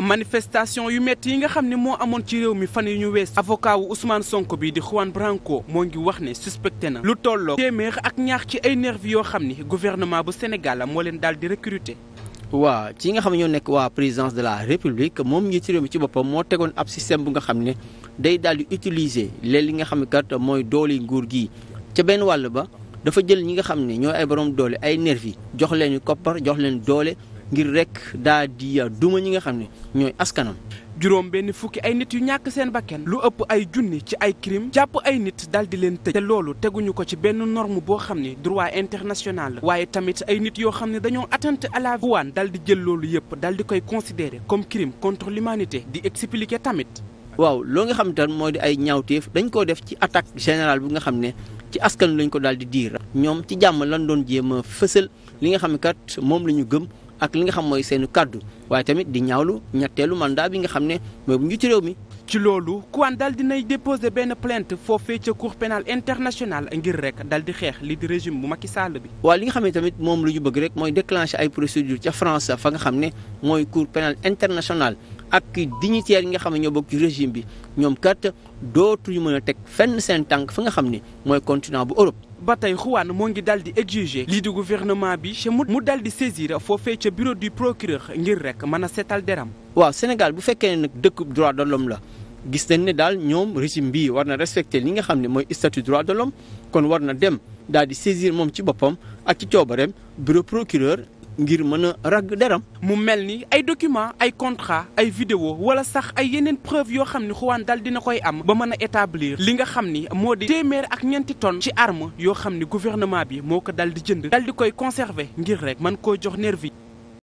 manifestation yu métti yi nga xam ne moo amoon ci réew mi fan yu ñu wees avocat wu Ousmane Sonko bi di Juan Branco moo ngi wax ne suspecté na lu tolloo téeméer ak ñaax ci ay nervi yoo xam ni gouvernement bu Sénégal moo leen daal di recruter. waa ci nga xam ne ñoo nekk waa présidence de la république moom njiitu réew mi ci boppam moo tegoon ab système bu nga xam ne day daal di utiliser léegi li nga xam ne kat mooy doole nguur gi ca benn wàll ba dafa jël ñi nga xam ne ñooy ay borom doole ay nervi jox leen koppar jox leen doole. ngir rek daa di ah, duma ñi nga xam ne ñooy askanam. juróom benn fukki ay nit yu ñàkk seen bakken lu ëpp ay junni ci ay kirim jàpp ay nit dal di leen tëj te loolu teguñu ko ci benn norme boo xam ne droit international la waaye tamit ay nit yoo xam ne dañoo atteinte à la dal di jël loolu yëpp dal di koy considérer comme crime contre l'humanité di expliqué tamit waaw loo nga xam tan mooy di ay ñaawteef dañ koo def ci attaque générale bi nga xam ne ci askan lañ ko daal di diir ñoom ci jàmm lan doon jéem a fësal li nga xam ne moom la ñu gëm ak li nga xam mooy seenu kàddu waaye tamit di ñaawlu ñetteelu mandat bi nga xam ne mooy bu njiitu réew mi. ci loolu Kouane daal dinay déposé benn plainte foofee ca cour pénale internationale ngir rek dal di xeex li di régime bu Macky Sall bi. waaye li nga xam ne tamit moom lu ñu bëgg rek mooy déclenché ay procédure ca France fa nga xam ne mooy cour pénale internationale. ak dignitaires yi nga xam ne ñoo bokk ci résime bi ñoom kat dootuñu mën a teg fenn seen tànk fi nga xam ni mooy continent bu Europe. ba tey Juan moo ngi daal di exiger lii di gouvernement bi mu mu daal di foo foofee ca bureau du procureur ngir rek mën a seetal deram. waaw Sénégal bu fekkee ne nag dëkk droit de l'homme la. gis nañ ne daal ñoom régime bi war na respecter li nga xam ne mooy statut droit de l'homme kon war na dem daal di saisir moom ci boppam ak ci coobareem bureau procureur ngir mën a ragg deram mu mel ni ay document ay contrat ay vidéo wala sax ay yeneen preuve yoo xam ni Juan dal dina koy am ba mën a établir li nga xam ni moo di téeméer ak ñeenti tonnes ci arme yoo xam ni gouvernement bi moo ko dal di jënd dal di koy conserver ngir rek mën koo jox nervi